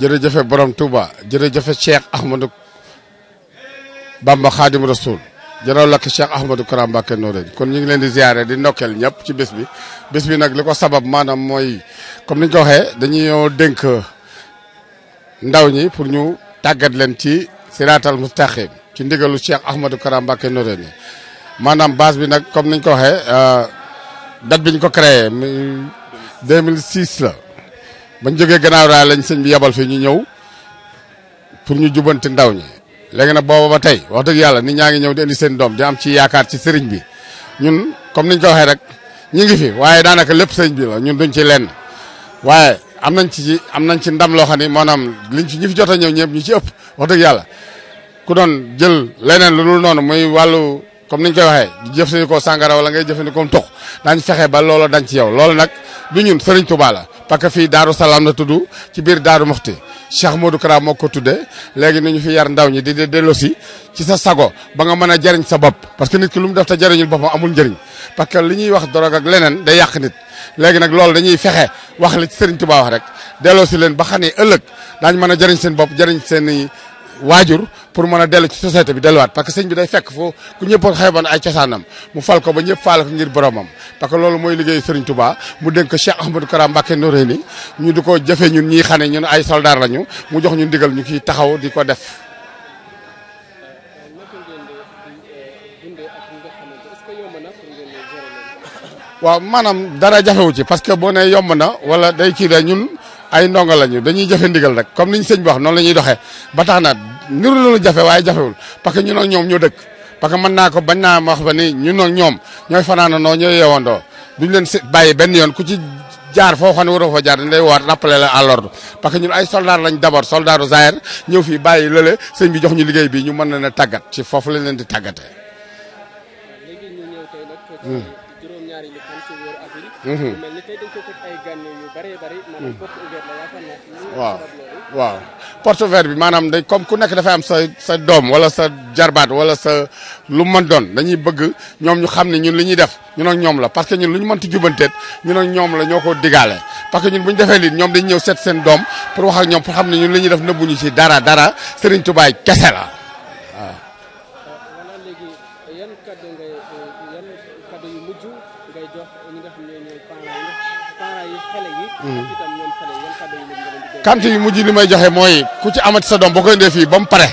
jërëjëfe borom Touba jërëjëfe Cheikh Ahmadou Bamba Khadim Rasoul jërëw lakk Cheikh Ahmadou Kara Mbacké Noreyni kon ñu ngi leen di ziare di nokkeel ñëpp ci bés bi bés bi nag li ko sabab maanaam mooy comme ni ñu ko waxee dañuy dénk ndaw ñi pour ñu tàggat leen ci siraatal mustaqim ci ndigalu Cheikh Ahmadou Kara Mbacké Noreyni maanaam base bi nag comme ni ñu ko waxee euh, date bi ñu ko créé 2006 la. bañ jógee gannaaw raay lañ sëñ bi yabal fi ñu ñëw pour ñu jubanti ndaw ñi léegi nag booba ba tey wax dëgg yàlla nit ñaa ngi ñëw di indi seen doom di am ci yakaar ci sëriñ bi ñun comme niñ ko waxee rek ñu fi waaye daanaka lépp sëriñ bi la ñun duñ ci lenn waaye am nañ ci am nañ ci ndam loo xam ni maanaam liñ ci ñi fi jot a ñëw ñëpp ñu ci ëpp wax dëgg yàlla ku doon jël leneen lu dul noonu muy wàllu comme niñ koy waxee di jëfandikoo sàngara wala ngay jëfandikoo tux daañ fexe ba loola dañ ci yow loolu nag bi ñun sëriñ Tuubaa la parce que fii Daaru Salaam la tudd ci bir Daaru Moxti Cheikh Modou Kara moo ko tuddee ñu fi yar ndaw ñi di de dellosi ci sa sago ba nga mën jariñ sa bopp parce que nit ki lu mu def te jariñul boppam amul njëriñ parce que li ñuy wax drogue ak leneen day yàq nit léegi nag loolu dañuy fexe wax li ci Sëriñ wax rek delloosi leen ba xam ne ëllëg daañu jariñ seen bopp jariñ seen waajur pour mën a dellu ci société bi delluwaat parce que sëñ bi day fekk foo ku ñëpp xeeboon ay cosaanam mu fal ko ba ñëpp faal ko ngir boromam parce que loolu mooy liggéey Serigne Touba mu dénk ko Cheikh Ahmadou Kara Mbacké Noreyni ñu di ko jëfe ñun ñiy xane ñun ay soldaar lañu ñu ndigal ñu kiy taxaw di ko def waaw maanaam dara jafewu ci parce que boo ne yomb na wala day kii da ñun ay ndongo lañu dañuy jëfe ndigal rek comme niñ sëñ bi wax noonu la ñuy doxee ba tax na niru lu jafe waaye jafewul parce que ñun ak ñoom ñoo dëkk parce que mën naa ko bañ naa wax ba ni ñun ak ñoom ñooy fanaanandoo ñooy yeewandoo duñu leen si bàyyi benn yoon ku ci jaar foo xam ne waroo fa jaar dañ lay war rappeler la parce que ñun ay soldats lañ d'abord soldatu Zaire ñëw fii bàyyi lële sëñ bi jox ñu liggéey bi ñu mën na a tàggat ci foofu la leen di tàggatee. léegi ñu ñëw tey nag. Euh, mhm. waaw. porte vert bi maanaam day comme ku nekk dafay am sa sa doom wala sa jarbaat wala sa lu mën doon dañuy bëgg ñoom ñu xam ne ñun li ñuy def ñu ak ñoom la parce que ñun lu ñu mënti jubanteet ñun ak ñoom la ñoo ko digaale parce que ñun bu ñu defee lii ñoom dañu ñëw seet seen doom pour wax ak ñoom pour xam ne ñun li ñuy def nëbbuñu ci dara dara Serigne Touba kese la waaw. Mm-hmm. quantité yu mujj li may joxe mooy ku ci amati sa doom boo koy indee fii ba mu pare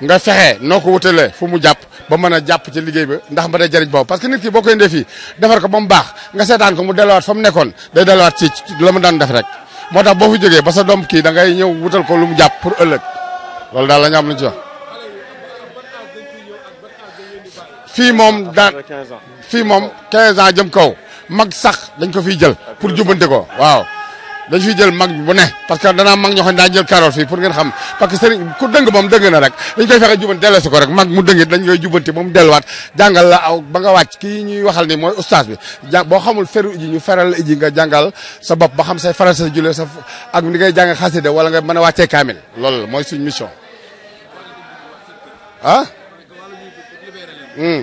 nga fexe noo ko wutalee fu mu jàpp ba mën a jàpp ci liggéey ba ndax ma day jëriñ boobu parce que nit ki boo koy indee fii ko ba baax nga seetaan ko mu delluwaat fa mu day delluwaat ci la mu def rek fi ba sa da ngay wutal ko lu mu jàpp pour ëllëg loolu daal la ñu lu ci wax fii moom daan fii moom 15 ans jëm kaw mag sax dañ ko jël pour jubante ko waaw dañ fi jël mag bu ne parce que dana mag ñoo xam da jël carol fi pour ngeen xam parce que serigne ku dëng bam dëng na rek dañ koy fexe jubanti delleesi ko rek mag mu dëngit dañ koy jubanti bam delluwaat jangal la aw ba nga wacc ki ñuy waxal ni moy oustaz bi bo xamul feru ji ñu feral ji nga jangal sa bop ba xam say français julé sa ak ni ngay jang xaside wala nga mëna a kamil lol moy suñu suñ mission ah hmm.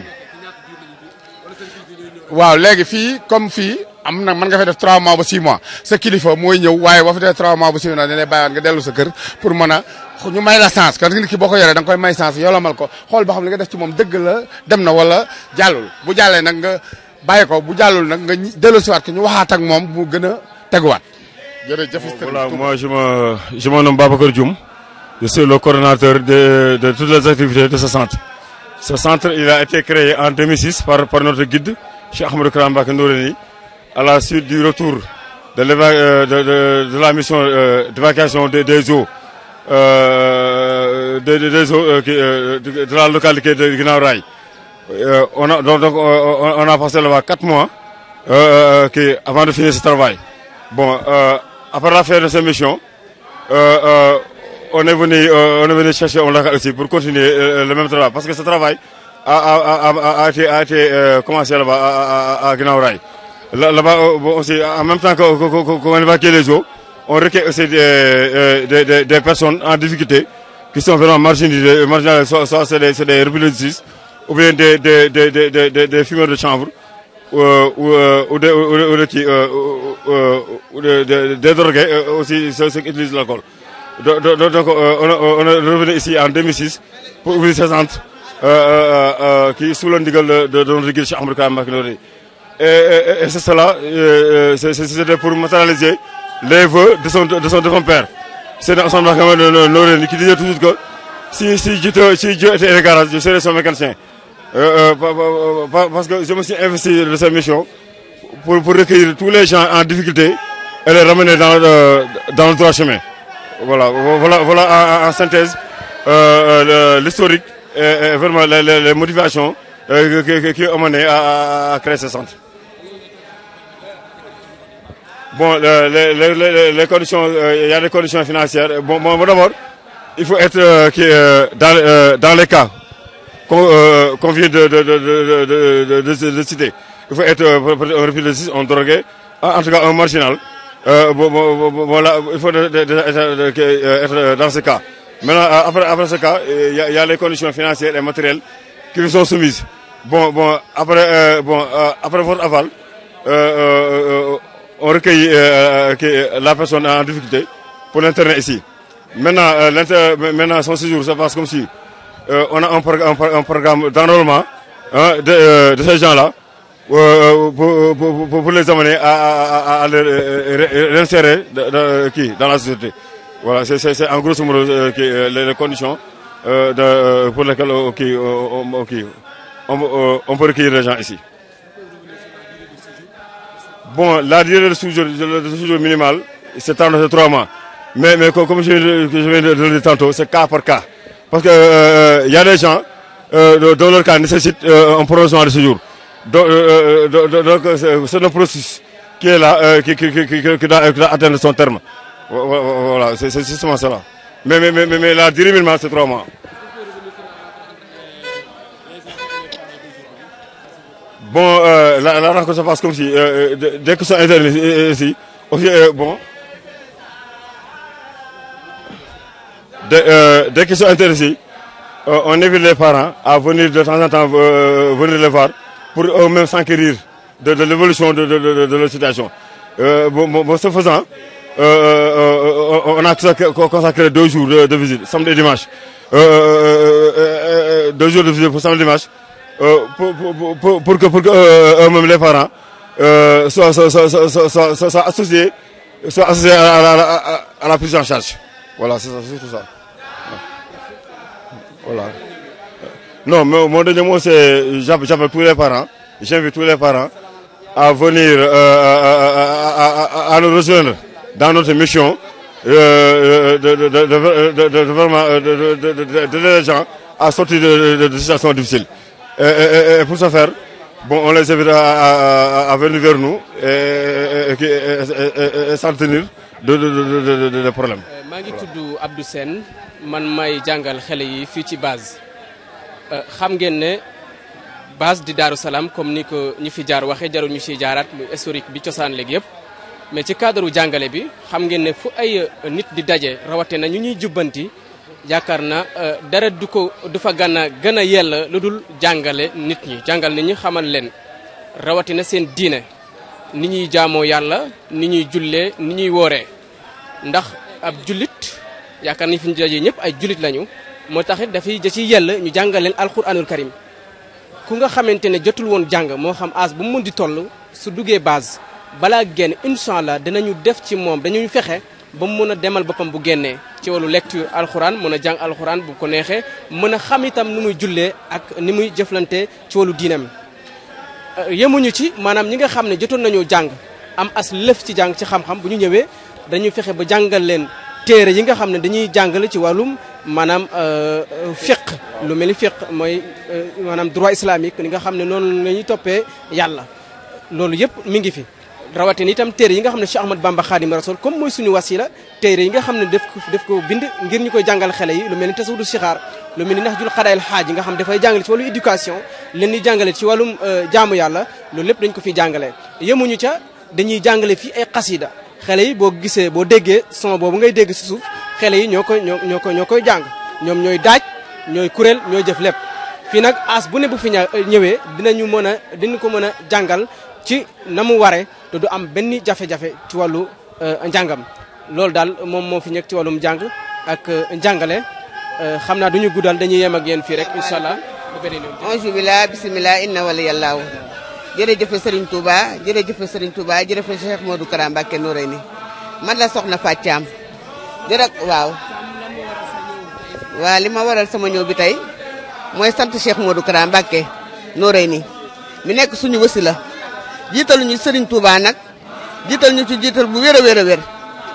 waaw légui fi comme fi amna man nga fay def 3 mois ba 6 mois ce kilifa moy ñëw waye boo fa def 3 mois ba 6 mois dañ lay bàyyiwaat nga delu sa kër pour mën ñu may la chance kan que nit ki boko ko yoree da koy may chance yolomal ko xol ba xam li nga def ci mom deug la dem na wala jallul bu jallé nak nga baye ko bu jallul nak nga dellu siwaat ko ñu waxat ak mom bu gëna a teguwaat. jërëjëf voilà moi je me je me nomme Babacar Dioum je suis le coordinateur de de toutes les activités de ce centre. Ce centre il a été créé en 2006 par par notre guide Cheikh Ahmadou Kram Mbacké Noreyni à la suite du retour de, euh, la mission euh, d'évacuation des, eaux, de, la localité de Guinaouraï. Euh, on, a, passé là-bas 4 mois avant de finir ce travail. Bon, après la fin de cette mission, on est venu, chercher pour continuer le même travail. Parce que ce travail a, été, commencé là-bas à, à, là-bas euh, aussi, en même temps qu'on évacue les eaux, on requiert aussi euh, euh, des, des, des, personnes en difficulté qui sont vraiment marginalisées, marginalisées soit, c'est des, des ou bien des, des, des, des, fumeurs de chanvre, ou, des, drogués, aussi ceux, qui utilisent l'alcool. Donc, on, est revenu ici en 2006 pour ouvrir ces centres qui, sous l'indigal de, de, de, de, de, et, c'est cela, euh, euh, c'était pour matérialiser les voeux de son, de son père. C'est dans son de qui disait toujours que si, si, Dieu, si Dieu était garage, je serais son mécanicien. Euh, parce que je me suis investi dans cette mission pour, pour recueillir tous les gens en difficulté et les ramener dans, le, dans le droit chemin. Voilà, voilà, voilà en, synthèse l'historique et, vraiment les, motivations qui, ont mené à créer ce centre. Bon, les les les les conditions, il y a des conditions financières. Bon, bon d'abord, il faut être dans, les cas qu'on vient de, de, de, de, citer. Il faut être un justice, un drogué, en tout cas un marginal. Bon, voilà, il faut être dans ce cas. Maintenant, après, après ce cas, il y, a, les conditions financières et matérielles qui vous sont soumises. Bon, bon, après, bon, après votre aval, euh, on recueille euh, euh, la personne en difficulté pour l'internet ici. Maintenant, euh, maintenant, son séjour, ça passe comme si on a un, programme hein, d'enrôlement de, ces gens-là pour, pour, les amener à, à, à les réinsérer dans la société. Voilà, c'est en gros modo les, les, conditions pour lesquelles on, on, on peut recueillir les gens ici. Bon, la durée de séjour, minimale minimal c'est trois mois. Mais, mais comme je, je viens de le dire tantôt, c'est cas par cas. Parce qu'il euh, euh, y a des gens, euh, dans leur cas, nécessitent euh, un prolongement de séjour. Donc, c'est le processus qui est là, qui, qui, qui, qui, doit, atteindre son terme. Voilà, c'est justement cela. Mais, mais, mais, mais la durée minimale, c'est trois mois. Bon, euh, la, la, rencontre se passe comme si, dès que ça ici, bon, de, dès qu'ils sont intéressés, on évite les parents à venir de temps en temps venir les voir pour eux-mêmes s'enquérir de, l'évolution de, de, de, leur situation. bon, ce faisant, on a consacré deux jours de, visite, samedi et dimanche. deux jours de visite pour samedi et dimanche pour, pour, pour, pour, que, pour que même les parents euh, soient, soient, soient, soient, associés, soient associés à, la, à, à la prise en charge. Voilà, c'est tout ça. Voilà. Non, mais mon dernier mot, c'est j'appelle tous les parents, j'invite tous les parents à venir euh, à, à, à, à, nous rejoindre dans notre mission euh, de, de, de, de, vraiment de, de de gens à sortir de, de situations difficiles. Et, et, et, pour ce faire, bon, on les invite à, à, a venir vers nous et, s'en de, de, de, de, de euh, maa ngi tudd Abdou Sène man may jàngal xele yi fii ci base euh, xam ngeen ne base di Daaru Salaam comme ni ko ñu fi jaar waxee jarul ñu ciy jaaraat lu historique bi cosaan léegi yëpp mais ci cadre jàngale bi xam ngeen ne fu ay nit di daje rawatina ñu ñuy jubbanti. yaakaar na euh, dara du ko du fa gën a gën a yella lu dul jàngale nit ñi jàngal nit ñi xamal leen rawatina seen diine ni ñuy jaamoo yàlla ni ñuy jullee ni ñuy wooree ndax ab jullit yaakaar ni fi ñu dajee ñëpp ay jullit lañu moo taxit dafay ja ci yell ñu jàngal leen alquranul karim ku nga xamante ne jotul woon jàng moo xam as bu mu mun di tollu su duggee base balaa génn incha allah dinañu def ci moom dañuy fexe ba mu mën a demal boppam bu génnee ci wàllu lecture alxuraan mën a jàng alxuraan bu ko neexee mën a xam itam nu muy jullee ak ni muy jëflante ci wàllu diinam euh, ci maanaam ñi nga xam ne jotoon nañoo jàng am as lëf ci jàng ci xam-xam bu ñu ñëwee dañuy fexe ba jàngal leen téere yi nga xam ne dañuy jàngale ci wàllum maanaam euh, euh, fiq lu mel ni fiq mooy maanaam droit islamique ni nga xam ne noonu la ñuy toppee yàlla loolu yëpp mi ngi fi. rawatina itam téré yi nga xamné Cheikh Ahmad Bamba Khadim Rasoul comme moy suñu wasila téré yi nga xamné def ko def ko bind ngir ñukoy jàngal xale yi lu melni tasawudu sikhar lu melni nahjul qadail haaji nga xam dafay jangal ci walu éducation leen ni jàngale ci walum jaamu yàlla lu lépp dañ ko fi jàngale yemuñu ca dañuy jàngale fi ay qasida xale yi bo gisé bo déggé son bobu ngay dégg ci suuf xale yi ñoko ñoko ñoko jàng ñom ñoy daaj ñoy kurel ñoy def lépp fi nak as bu ne bu fi ñewé dinañu mëna a ko mëna jàngal ci na mu waree te du am benn jafe-jafe ci wàllu euh, njàngam loolu daal moom moo fi nekk ci wàllum njàng ak euh, njàngale euh, xam naa duñu guddal dañuy yem ak yéen fii rek incha allah bonjour bila bisimila inna wala yàllaaw jërëjëf Serigne Touba jërëjëf Serigne Touba jërëjëf Cheikh Modou Kara Mbacké Noreyni man la soxna Fatiam jërëjëf waaw waaw li ma waral sama ñëw bi tey mooy sant Cheikh Modou Kara Mbacké Noreyni mi nekk suñu wasi la jiitalu ñu Serigne Touba nag jiital ñu ci jiital bu wér a wér a wér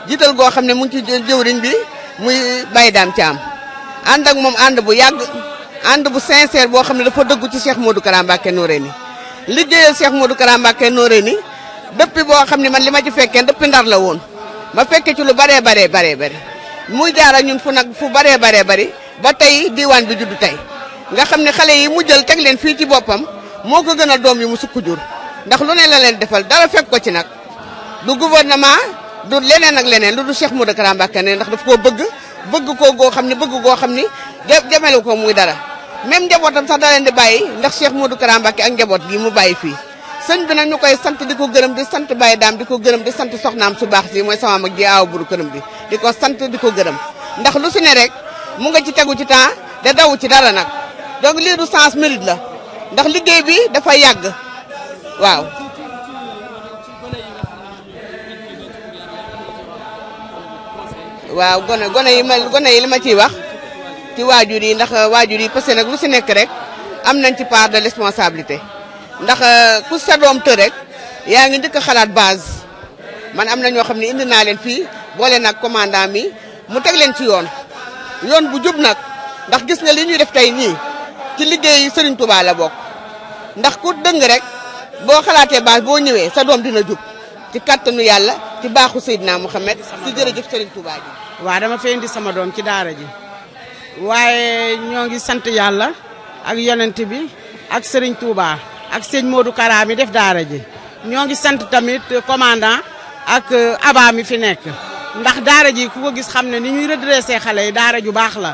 jiital goo xam ne mu ci ci jëwriñ bi muy Baye Dame Thiam ànd ak moom ànd bu yàgg ànd bu sincère boo xam ne dafa dëggu ci Cheikh Modou Kara Mbacké Noreyni liggéeyal Cheikh Modou Kara Mbacké Noreyni dëppi boo xam ne man li ma ci fekkee dëppi ndar la woon ma fekke ci lu baree baree baree bari muy jaar ak ñun fu nag fu baree baree bari ba tey diwaan bi juddu tey nga xam ne xale yi mu jël teg leen fii ci boppam moo ko gën a doom yi mu sukk jur ndax lu ne la leen defal dara fekk ko ci nag du gouvernement du leneen ak leneen lu du Cheikh Modou Kara Mbacké ne ndax dafa koo bëgg bëgg koo goo xam ne bëgg goo xam ni jemelu ko muy dara même njabootam sax da leen di bàyyi ndax Cheikh Modou Kara Mbacké ak njaboot gi mu bàyyi fii sëñ bi nag ñu koy sant di ko gërëm di sant bàyyi Daam di ko gërëm di sant soxnaam su baax si mooy sama mag ji aaw buru këram bi di ko sant di ko gërëm ndax lu si ne rek mu nga ci tegu ci temps da daw ci dara nag donc lii du sens la ndax liggéey bi dafa yàgg waaw waaw gone gone yi ma gone yi li ma ciy wax ci waajur yi ndax euh, waajur yi parce nag lu si nekk rek am nañ ci part de responsabilité ndax euh, ku sa doom rek yaa ngi njëkk a xalaat base man am na ñoo xam ne indi naa leen fii boole nag commandant mi mu teg leen ci yoon yoon bu jub nag ndax gis nga li ñuy def tay ñii ci liggéey Serigne Touba la bokk ndax ku dëng rek. boo xalaatee baax boo ñëwee sa doom dina jub ci kattanu yàlla ci baaxu Seydina Mouhamed ci jërëjëf Serigne Touba ji. waaw dama fee indi sama doom ci daara ji waaye ñoo ngi sant yàlla ak yonent bi ak sëriñ Touba ak sëñ moodu Kara mi def daara ji ñoo ngi sant tamit commandant ak euh, aba mi fi nekk ndax daare ji ku ko gis xam ne ni ñuy redressé xale yi daare ju baax la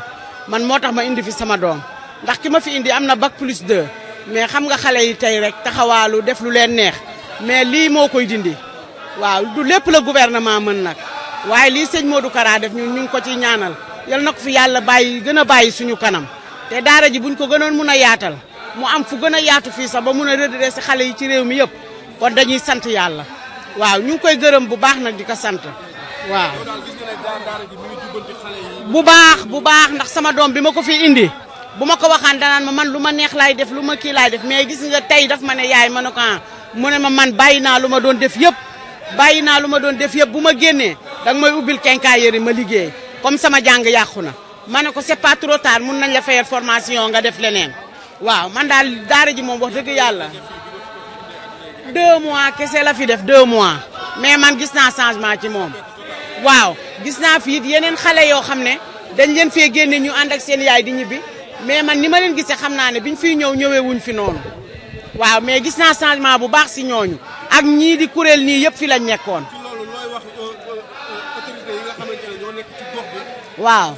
man moo tax ma indi fi sama doom ndax ki ma fi indi am na bak plus 2. mais xam nga xale yi tey rek taxawaalu def lu leen neex mais lii moo koy dindi waaw du lépp la gouvernement mën nag waaye lii sëñ Modou karaa def ñun ñu ngi ko ci ñaanal yal na ko fi yàlla bàyyi gën a bàyyi suñu kanam te daara ji buñ ko gënoon mun a yaatal mu am fu gën a yaatu fii sax ba mun a redresser xale yi ci réew mi yëpp kon dañuy sant yàlla waaw ñu ngi koy gërëm bu baax nag di ko sant waaw bu baax bu baax ndax sama doom bi ma ko fi indi bu ma ko waxaan danaan ma man lu ma neex laay def lu ma kii laay def mais gis na tey daf ma ne yaay ma ne ko ah mu ne ma man bàyyi naa lu ma doon def yëpp bàyyi naa lu ma doon def yëpp bu ma génnee danga may ubbil quincaillerie ma liggéey comme sama jàng yàqu na ma ne ko c'est pas trop mun nañ la fayal formation nga def leneen waaw man daal daara ji moom wax dëgg yàlla deux mois kese la fi def deux mois mais man gis naa changement ci moom waaw gis naa fi it yeneen xale yoo xam ne dañ leen fee génne ñu ànd ak seen yaay di mais man ni ma leen gisee xam naa ne biñ fiy ñëw ñëwee fi noonu waaw mais gis naa changement bu baax si ñooñu ak ñii di kuréel nii yëpp fi lañ nekkoon. Euh, euh, waaw.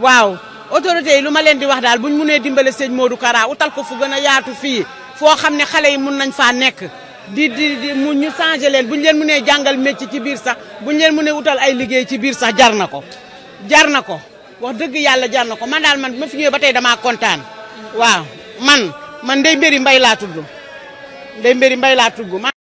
waaw autorité yi lu ma leen di wax daal buñ munee dimbale sëñ Modou Kara utal ko fu gën a yaatu fii foo xam ne xale yi mun nañ faa nekk. di di di mu ñu changé leen bu ñu leen mënee jàngal métier ci biir sax bu ñu leen mënee wutal ay liggéey ci biir sax jar na ko jar na ko wax dëgg yàlla jar na ko man daal man bi ma ba tey damaa kontaan waaw man man Ndeye Mbéri Mbaye laa tudd Ndeye Mbéri Mbaye laa tudd